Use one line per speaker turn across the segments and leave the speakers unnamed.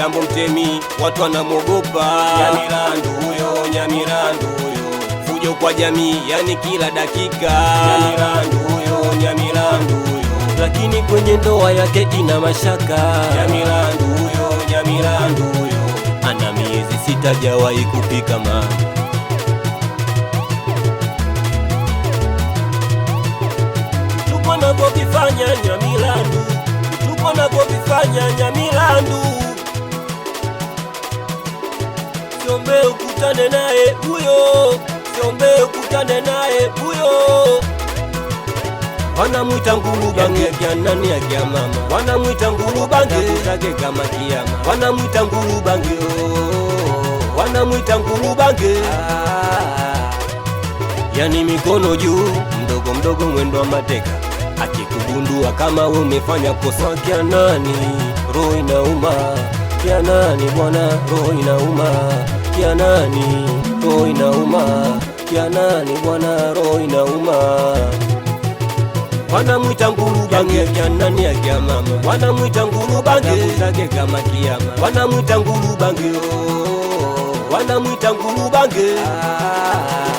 Gambo Mtemi watu wanamwogopa. Nyamilandu huyo, Nyamilandu huyo, fujo kwa jamii yani kila dakika. Nyamilandu huyo, Nyamilandu huyo, lakini kwenye ndoa yake ina mashaka. Nyamilandu huyo, Nyamilandu huyo, ana miezi sita jawahi kupika ma tuko navyovifanya Nyamilandu, tuko navyovifanya Nyamilandu Siombe ukutane naye huyo, siombe ukutane naye huyo. Wanamwita bange ya nani ya kia mama, Wana mwita bange ngulubange zake kama kiama, Wana mwita wanamwita bange. Oh, oh, oh. ah. yani mikono juu, mdogo mdogo mwendo wa mateka, akikugundua kama umefanya kosa kia nani, roho inauma, kia nani bwana, roho inauma ya nani? Roho inauma ya bwana, roho inauma. Wanamwita nguru bange ya nani ya kiama, wanamwita nguru bange zake kama kiama, wanamwita nguru bange, oh, oh, oh. wanamwita nguru bange ah.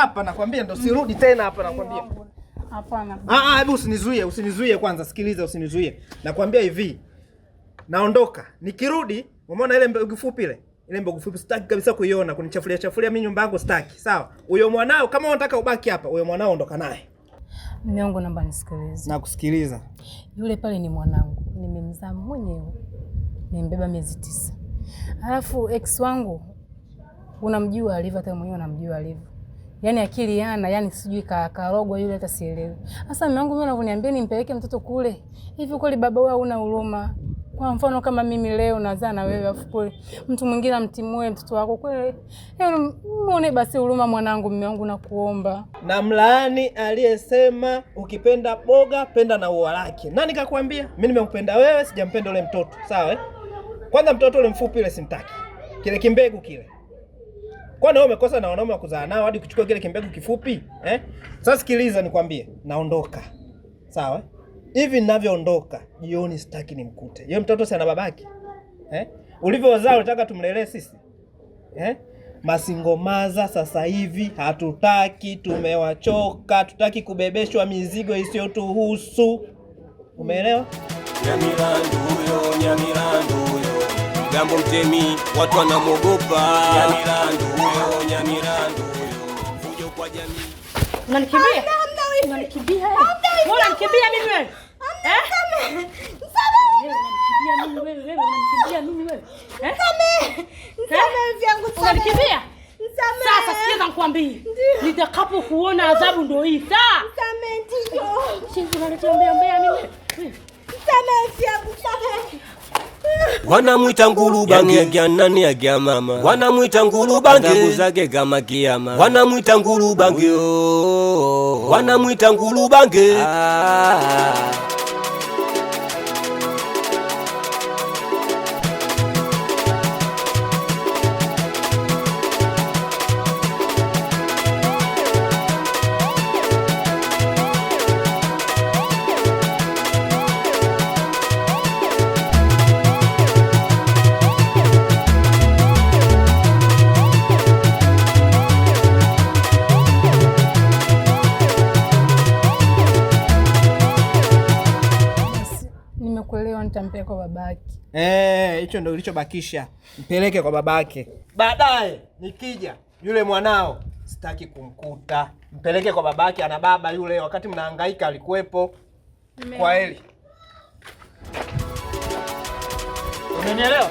hapa nakwambia, ndo sirudi tena hapa nakwambia. Hapana. Ah ah, hebu usinizuie, usinizuie kwanza, sikiliza, usinizuie. Nakwambia hivi. Naondoka. Nikirudi, umeona ile mbegu fupi ile? Ile mbegu fupi sitaki kabisa kuiona, kunichafulia chafulia mimi nyumba yangu sitaki. Sawa. Huyo mwanao kama unataka ubaki hapa, huyo mwanao ondoka naye.
Mume wangu, naomba nisikilize.
Nakusikiliza.
Yule pale ni mwanangu. Nimemzaa mwenyewe. Nimbeba miezi tisa. Alafu ex wangu unamjua alivyo, hata mwenyewe unamjua alivyo yani akili yana yani sijui ka kakarogwa yule, hata sielewi. Sasa mume wangu mimi anavyoniambia nimpeleke mtoto kule, hivi kweli baba wewe una huruma? Kwa mfano kama mimi leo nazaa na wewe, afu kule mtu mwingine amtimue mtoto wako kweli, yani muone basi huruma mwanangu. Mume wangu nakuomba.
Na mlaani aliyesema ukipenda boga penda na ua lake. Nani kakwambia? Mimi nimekupenda wewe, sijampenda yule mtoto, sawa eh? Kwanza mtoto ule mfupi ule simtaki, kile kimbegu kile Kwani wewe umekosa na wanaume wa kuzaa nao hadi kuchukua kile kimbegu kifupi eh? Sasa sikiliza nikwambie, naondoka sawa. Hivi ninavyoondoka jioni, sitaki nimkute yeye mtoto, si ana babaki eh? Ulivyozaa unataka tumlelee sisi eh? Masingomaza sasa hivi hatutaki, tumewachoka, tutaki kubebeshwa mizigo isiyotuhusu. Umeelewa?
Nyamilandu yo, Nyamilandu yo. Jambo mtemi, watu wanamwogopa. Nyamirandu huyo, Nyamirandu huyo, fujo kwa jamii.
Unanikimbia? Unanikimbia? Unanikimbia mimi wewe? Unanikimbia mimi wewe, Eh? eh? eh? Nitakapo kuona adhabu hii. ndio.
Wana mwita Wanamwita ngulubange yagya nani yagya mama Wana mwita ngulubange ndangu zake gama kiyama wanamwita ngulubange wanamwita ngulubange ah.
nitampeleka kwa babake.
Eh, hicho ndio kilichobakisha, mpeleke kwa babake. Baadaye nikija yule mwanao sitaki kumkuta, mpeleke kwa babake. Ana baba yule, wakati mnahangaika alikuwepo. Kwaheri, umenielewa?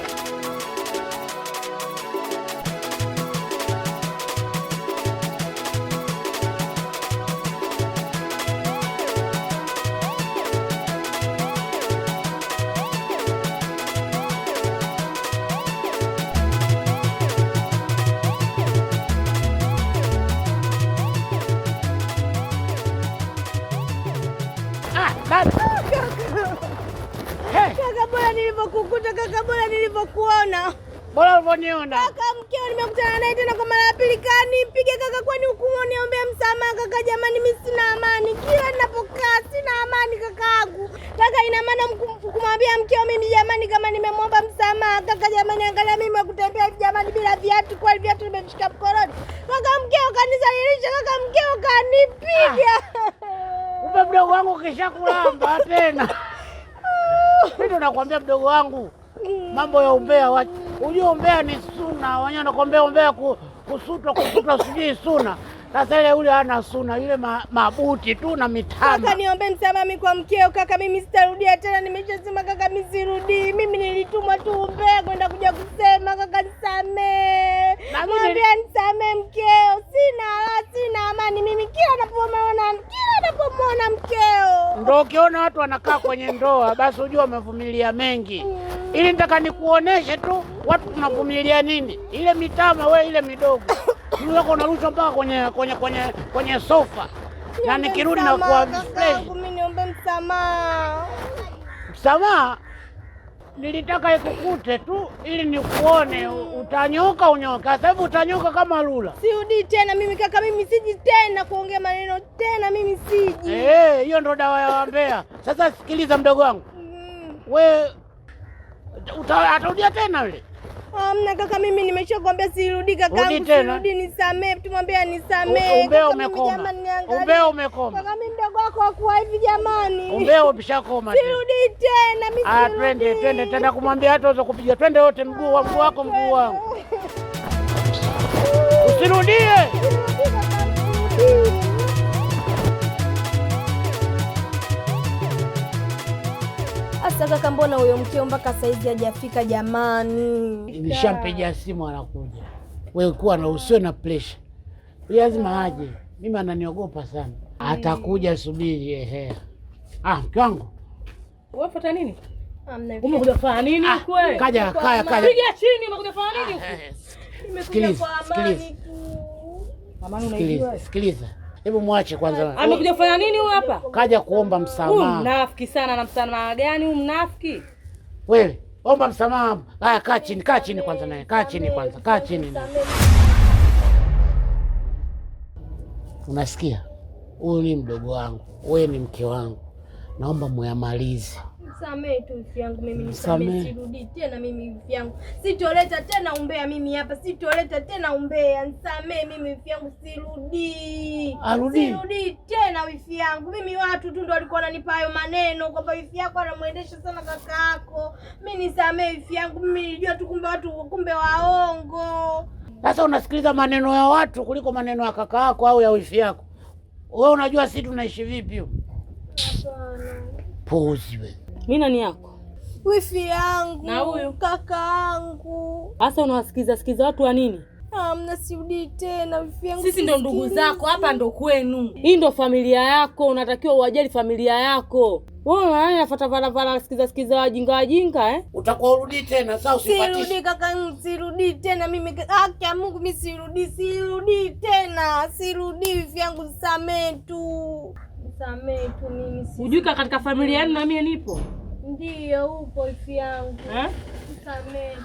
kaka, bora nilivyokuona,
bora ulivyoniona kaka.
Mkeo nimekutana naye tena kwa mara ya pili, kani mpige kaka, kwani hukumu niombe msamaha kaka. Jamani, mimi sina amani, kila ninapokaa sina amani kakaangu. Kaka, ina maana kumwambia mkeo mimi, jamani, kama nimemwomba msamaha kaka, jamani, angalia mimi nakutembea hivi jamani, bila viatu, kwa viatu nimemshika mkononi kaka. Mkeo kanizalilisha kaka, mkeo kanipiga
ume mdogo wangu kisha kulamba tena mimi ndo nakwambia mdogo wangu mambo ya umbea wa... Ujua umbea ni suna, wanyana wanakuambia umbea kusutwa, kusutwa sijui suna sasa ile ule ana suna ile mabuti tu na mitano. Kaka
niombe msamaha mimi kwa mkeo kaka, mimi sitarudia tena, nimeshasema kaka, mimi sirudi. Mimi nilitumwa tu umbea kwenda kuja kusema kaka, nisamee. Mwambia nisamee mkeo, sina la sina amani mimi kila napomwona, kila napomwona mkeo.
Ndio ukiona watu wanakaa kwenye ndoa basi ujua wamevumilia mengi mm. Ili nitaka nikuoneshe tu watu tunavumilia nini, ile mitama we ile midogo mwili wako unarushwa mpaka kwenye kwenye kwenye kwenye sofa, na nikirudi na kwa
mimi niombe msamaha.
Msamaha nilitaka ikukute tu ili nikuone utanyoka unyoka. Sasa hivi utanyoka kama lula.
Siudi tena mimi kaka, mimi siji tena kuongea maneno tena, mimi siji.
Eh, hiyo ndo dawa ya wambea. Sasa sikiliza mdogo wangu, mm. we atarudia tena yule
Amna ah, kaka, mimi nimeshakwambia sirudi kaka, sirudi, nisamee. Tumwambie anisamee.
Umbea umekoma. Umbea umekoma.
Kaka, mimi mdogo wako hakuwa hivi jamani. Umbea
umeshakoma.
Sirudi tena mimi.
Ah, twende twende tena kumwambia hata uweze kupiga. Twende wote mguu wa mguu wako mguu wangu. Usirudie.
Sasa kambona huyo mkeo mpaka saizi hajafika jamani?
Nishampigia simu anakuja. Wewe kuwa na usiwe na pressure. Lazima aje. Mimi ananiogopa sana. Atakuja, subiri. Ehe. Ah, mke wangu.
Wewe nini? Umekuja kufanya nini huko ah, wewe?
Kaja, kaya, kaya.
Piga chini, umekuja kufanya nini huko?
Ah, sikiliza, sikiliza. amani Amani unaijua? Sikiliza. Hebu mwache kwanza.
Amekuja kufanya nini huyu hapa?
Kaja kuomba msamaha. Huyu
mnafiki sana na msamaha gani huyu mnafiki?
Wewe, omba msamaha. Haya kaa chini, kaa chini kwanza naye. Kaa chini kwanza, kaa chini. Unasikia? Huyu ni mdogo wangu, wewe ni mke wangu. Naomba muyamalize.
Nisamee tu mfi yangu mimi, nisamee, sirudi tena mimi mfi yangu, sitoleta tena umbea mimi hapa, sitoleta tena umbea, nisamee mimi mfi yangu, sirudi arudi arudi tena. Wifi yangu mimi, watu tu ndo walikuwa wananipa hayo maneno kwamba wifi yako anamwendesha sana kaka yako. Mimi nisamee wifi yangu, mimi nilijua tu kumbe watu kumbe waongo.
Sasa unasikiliza maneno ya watu kuliko maneno ya kaka yako au ya wifi yako. Wewe unajua sisi tunaishi vipi? Pozi wewe.
Mimi nani yako?
Wifi yangu na huyu kaka yangu.
Sasa unawasikiza sikiza watu wa nini?
Hamna, sirudi tena. Sisi
ndo ndugu zako, hapa ndo kwenu, hii ndo familia yako, unatakiwa uwajali familia yako. Wewe unafuata varavara, sikiza sikiza, wajinga wajinga eh?
Utakuwa urudi tena sasa, usipati. Sirudi
kaka, sirudi tena mimi, haki ah, ya Mungu mimi sirudi, sirudi tena, sirudi vyangu, samee tu, samee tu mimi. Hujui
kaka, katika familia yenu na mimi nipo.
Ndio upo ifi yangu. Eh? Samee.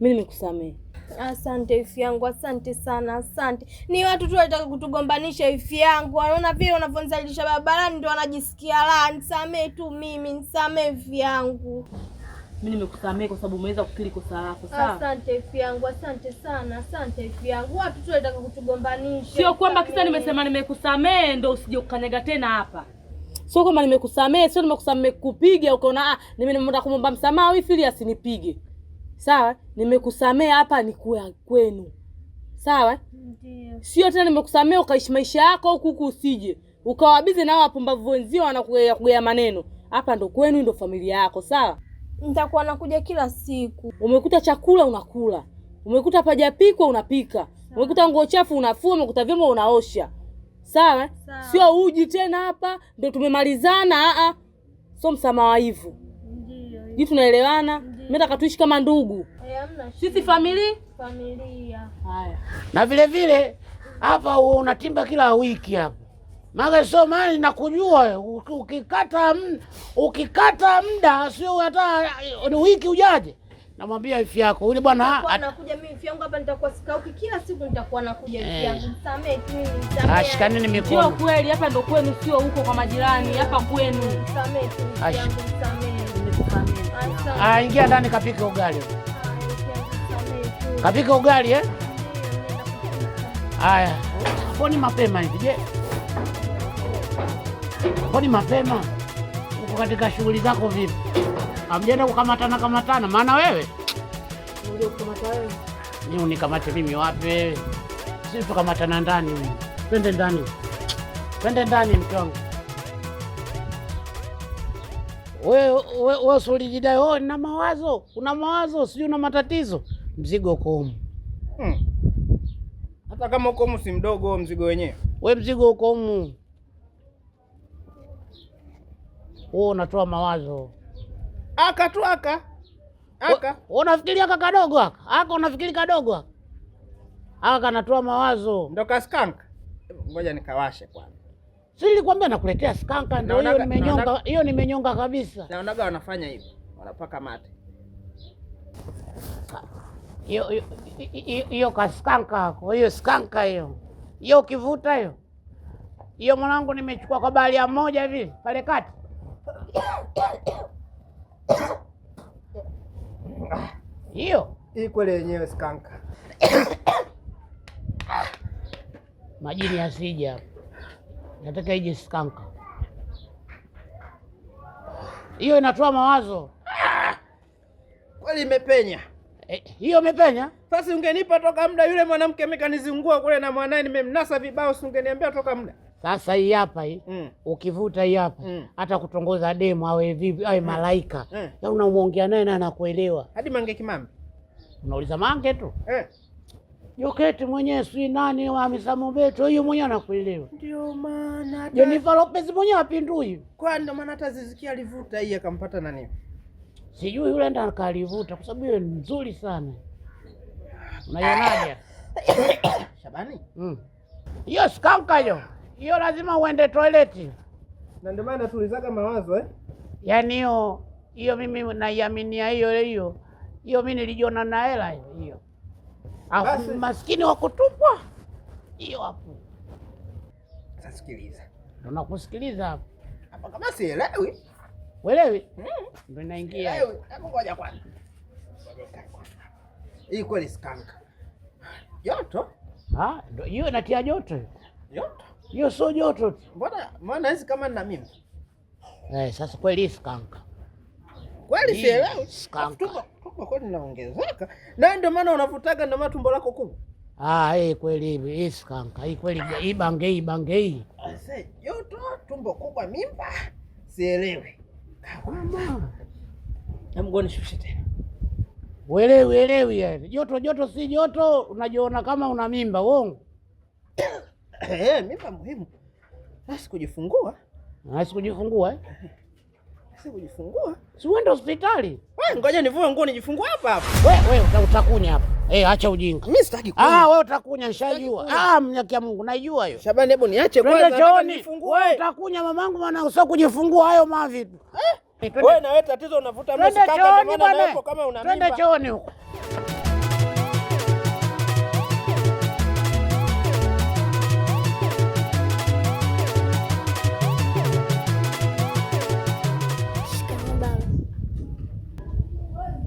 Mimi nikusamee.
Asante ifi yangu, asante sana, asante. Ni watu tu wanataka kutugombanisha ifi yangu, wanaona vile wanavyonizalisha barabarani ndio wanajisikia raha. Nisamee tu mimi, nisamee ifi yangu.
Mimi nimekusamea kwa sababu umeweza kukiri kosa lako, sawa?
Asante ifi yangu, asante sana, asante ifi yangu. Watu tu wanataka kutugombanisha. Sio
kwamba kisa nimesema nimekusamee ndio usije kukanyaga tena hapa. Sio kwamba nimekusamee, sio nimekusamee kupiga ukaona ah, nimeenda kumomba msamaha hivi ili asinipige sawa, nimekusamea hapa ni kwa kwenu, sawa? Ndio, Sio tena nimekusamea ukaishi maisha yako huku huku, usije ukawabize nao wapumbavu wenzio wanakugea maneno. Hapa ndo kwenu, ndo familia yako, sawa?
Nitakuwa nakuja kila siku.
Umekuta chakula unakula, umekuta pajapikwa unapika, umekuta nguo chafu unafua, umekuta vyombo unaosha, sawa? Sio uji tena hapa ndo tumemalizana. Aa, so msamaha hivyo, ji tunaelewana. Mimi katuishi kama ndugu
eh, sisi famili familia. Haya,
na vile vile hapa unatimba kila wiki hapa maga mali na kujua ukikata ukikata muda sio hata wiki ujaje, namwambia ifi yako yule bwana
anakuja. Mimi ifi yangu hapa nitakuwa sikauki, kila siku nitakuwa nakuja eh. ifi yangu, msamee tu msamee.
Ashikaneni ah, mikono, sio
kweli. Hapa ndo kwenu, sio huko kwa majirani, hapa kwenu.
Msamee tu ah, msamee.
Ah, ingia ndani kapike ugali. Kapike ugali eh? Haya. Poni mapema hivi. Je? Poni mapema. Uko katika shughuli zako vipi? amjenda kukamatana kamatana maana wewe?
Ndio kukamata wewe.
Ni unikamate mimi wapi wewe? Sisi tukamatana ndani. Twende ndani. Twende ndani mtu wewe ulijidai oh, na mawazo, una mawazo, sijui una matatizo, mzigo uko humu hmm. Hata kama uko humu si mdogo mzigo wenyewe, we mzigo uko humu, wewe unatoa mawazo aka tu aka aka, unafikiria kaka dogo aka aka, unafikiri kadogo aka aka, kanatoa mawazo ndo kaskank. Ngoja nikawashe kwanza si nilikwambia nakuletea skanka, ndio hiyo nimenyonga, hiyo nimenyonga kabisa. Naonaga wanafanya hivyo, wanapaka mate hiyo kaskanka ako hiyo skanka hiyo hiyo, ukivuta hiyo hiyo, mwanangu, nimechukua kwa bahari ya moja hivi pale kati hiyo hii kweli yenyewe skanka majini yasija nataka ije skanka. Hiyo inatoa mawazo kweli, imepenya eh, hiyo mepenya imepenya. Sasa ungenipa toka muda, yule mwanamke mekanizingua kule na mwanae nimemnasa vibao, si ungeniambia toka muda sasa hii hapa hii mm. Ukivuta hii hapa mm. hata mm. kutongoza demu awe vipi awe mm. malaika mm. ya yaani unamwongea naye na anakuelewa hadi Mange Kimambi, unauliza Mange tu eh. Joketi mwenyewe si nani wa Hamisa Mobeto, huyu mwenyewe anakuelewa.
Ndio maana
Jennifer Lopez mwenyewe apindui. Kwa ndio maana hata zizikia alivuta hii akampata nani? Sijui yule ndo akalivuta kwa sababu yeye ni nzuri sana. Unaionaje? Shabani? Mm. Hiyo skanka hiyo. Hiyo lazima uende toileti. Na ndio maana tulizaga mawazo eh? Yaani hiyo hiyo mimi naiaminia hiyo hiyo. Hiyo mimi nilijiona na hela hiyo. Basi maskini wa kutupwa hiyo hapo. Sikiliza, unakusikiliza hapo hapo. kama sielewi welewi hmm. ndo naingia hapo. Ngoja kwanza, hii kweli skanka joto hiyo inatia joto, joto hiyo sio joto tu. Mbona mbona hizi kama nina mimi eh? Sasa kweli skanka kweli, sielewi skanka kubwa kweli naongezeka, na ndio maana unavutaga, ndio maana tumbo lako kubwa. Ah, hey, kweli hivi iskanka hii kweli hii hii bange bange hii. ase joto, tumbo kubwa, mimba, sielewi Kama na mgoni shushe tena, uelewi elewi, yani joto joto, si joto, unajiona kama una mimba wongo. Eh, mimba muhimu, kujifungua. asikujifungua kujifungua eh? eh. Si kujifungua? Si uende hospitali. Wewe ngoja nivue nguo nijifungue hapa hapa. Wewe wewe utakunya hapa. Eh, hey, acha ujinga. Mimi sitaki ah, kunya. Ah, wewe utakunya nishajua. Ah, mnyakia Mungu najua hiyo. Shabani hebu niache kwanza nijifungue. Wewe utakunya mamangu maana usio kujifungua hayo mavitu. Eh? eh wewe na wewe tatizo unavuta mimi kaka ndio maana kama una mimba. Twende chooni huko.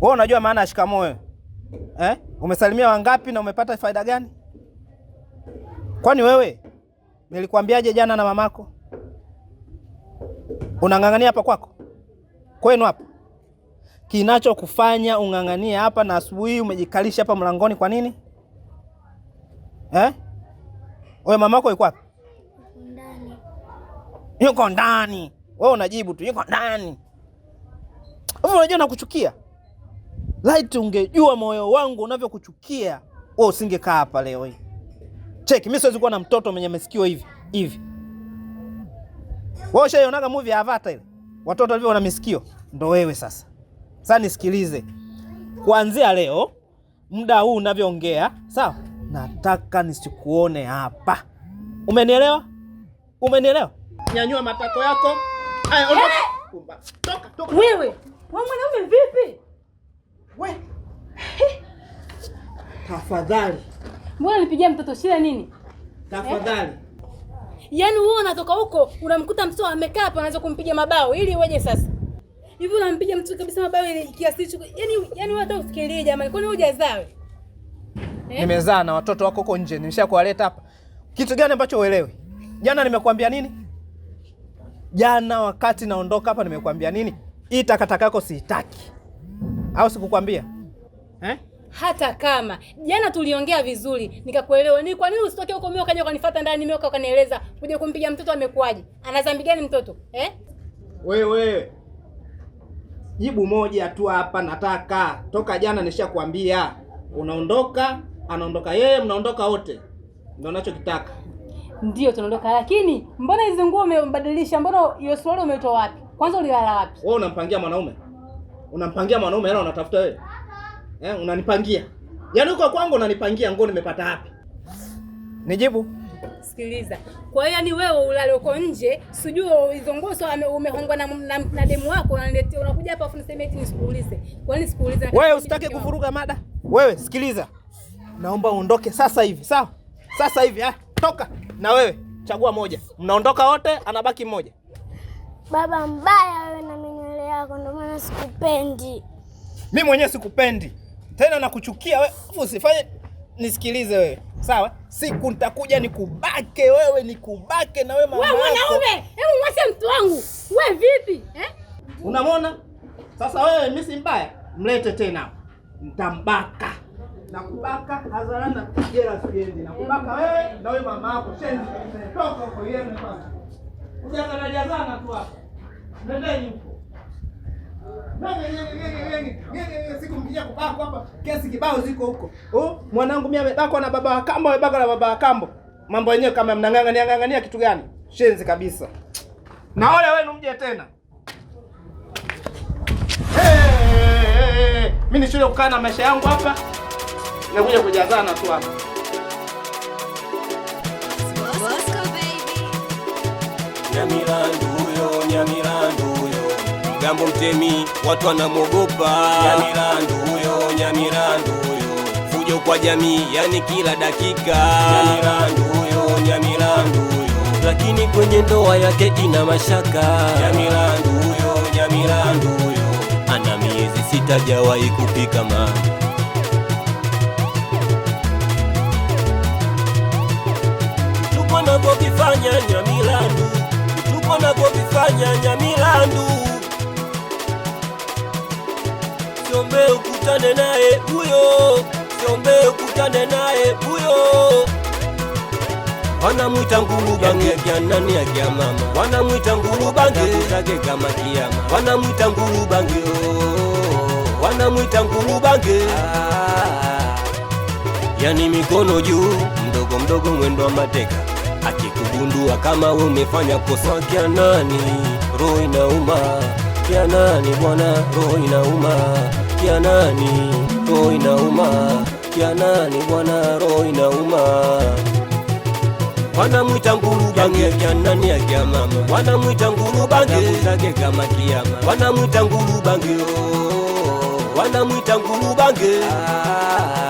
Wewe unajua maana ya shikamoo Eh? Umesalimia wangapi na umepata faida gani? Kwani wewe nilikwambiaje jana na mamako? Unang'ang'ania hapa kwako? Kwenu hapa? Kinachokufanya ung'ang'ania hapa na asubuhi umejikalisha hapa mlangoni kwa nini? Eh? Wewe mamako yuko wapi? Yuko ndani. Wewe unajibu tu yuko ndani. Wewe unajua nakuchukia. Light, ungejua moyo wangu unavyokuchukia wewe, usingekaa hapa leo hii. Check, mimi siwezi kuwa na mtoto mwenye masikio hivi hivi. Wewe ushaionaga movie ya Avatar ile, watoto walivyo na misikio? Ndo wewe sasa. Sasa nisikilize, kuanzia leo muda huu unavyoongea, sawa? Nataka nisikuone hapa, umenielewa? Umenielewa? Nyanyua matako yako. Aya, ondoka. Eh!
Toka, toka. Wewe, wewe mwanaume vipi?
We. Tafadhali.
Mbona nipigia mtoto shida nini?
Tafadhali. Eh?
Yaani wewe unatoka huko unamkuta mtoto amekaa hapa anaanza kumpiga mabao ili uweje sasa? Hivi unampiga mtu kabisa mabao ili kiasi hicho. Yaani yaani wewe hata usikilie jamani. Kwani wewe hujazawe?
Eh? Nimezaa na watoto wako huko nje. Nimeshakuwaleta hapa. Kitu gani ambacho uelewi? Jana nimekuambia nini? Jana wakati naondoka hapa nimekuambia nini? Hii takataka yako siitaki au sikukwambia eh?
Hata kama jana tuliongea vizuri nikakuelewa, ni kwa nini usitoke huko, mimi ukaja ukanifuata ndani, mimi ukanieleza kuja kumpiga mtoto, amekuaje? Ana dhambi gani mtoto eh?
Wewe jibu moja tu hapa nataka. Toka jana nishakwambia unaondoka, anaondoka yeye, mnaondoka wote, ndio unachokitaka.
ndio tunaondoka. Lakini mbona nguo umebadilisha? Mbona hiyo suruali umeitoa wapi? Kwanza ulilala wapi? Wewe
unampangia mwanaume Unampangia mwanaume hela unatafuta wewe? Eh, unanipangia. Yaani uko kwangu unanipangia nguo nimepata wapi? Nijibu.
Sikiliza. Kwa hiyo yani wewe ulale uko nje, sijui hizo nguo sio umehongwa na, na, na demu wako unaniletea unakuja hapa afu niseme eti nisikuulize. Kwa nini sikuulize? Wewe
usitake kuvuruga mada. Wewe sikiliza. Naomba uondoke sasa hivi, sawa? Sasa hivi ah, toka. Na wewe chagua moja. Mnaondoka wote, anabaki mmoja.
Baba mbaya mwenyewe sikupendi.
Mimi mwenyewe sikupendi tena, nakuchukia wewe. Usifanye nisikilize wewe, sawa? Siku nitakuja nikubake wewe, nikubake na wewe mama yako.
Wewe mwanaume, hebu mwache mtu wangu. Wewe vipi eh?
Unamwona sasa wewe, mimi si mbaya, mlete tena, nitambaka nakubaka hadharani na jela, siendi nakubaka wewe na wewe mama yako. Shenzi, toka huko yenu basi,
ujazana jazana tu hapa, nendeni
kesi kibao ziko huko. Oh, mwanangu mimi amebakwa na baba wa kambo, amebakwa na baba wa kambo. Mambo yenyewe kama mnang'ang'ania ng'ang'ania kitu gani? Shenzi kabisa. Na ole wenu mje tena. Mimi ni shule kukaa na maisha yangu hapa. Nakuja kujazana tu hapa.
Nyamilandu yo, Nyamilandu Jambo mtemi, watu wanamwogopa Nyamirandu huyo, Nyamirandu huyo, fujo kwa jamii, yani kila dakika Nyamirandu huyo, Nyamirandu huyo, lakini kwenye ndoa yake ina mashaka Nyamirandu huyo, Nyamirandu huyo, ana miezi sita jawahi kupika ma siombe ukutane naye huyo, siombe ukutane naye huyo. Wanamwita nguru bange ya nani ya kia mama, wanamwita nguru bange zake kama kiama, wanamwita nguru bange wanamwita nguru bange ah. yani mikono juu, mdogo mdogo mwendo wa mateka, akikugundua kama umefanya kosa kia nani, roho inauma, kia nani bwana, roho inauma kia nani roho inauma, kia nani bwana, roho inauma. Wanamwita nguru bange kia nani ya kia mama, wanamwita nguru bange zake kama kiama, wanamwita nguru bange, oh, oh, oh. wanamwita nguru bange ah. ah, ah.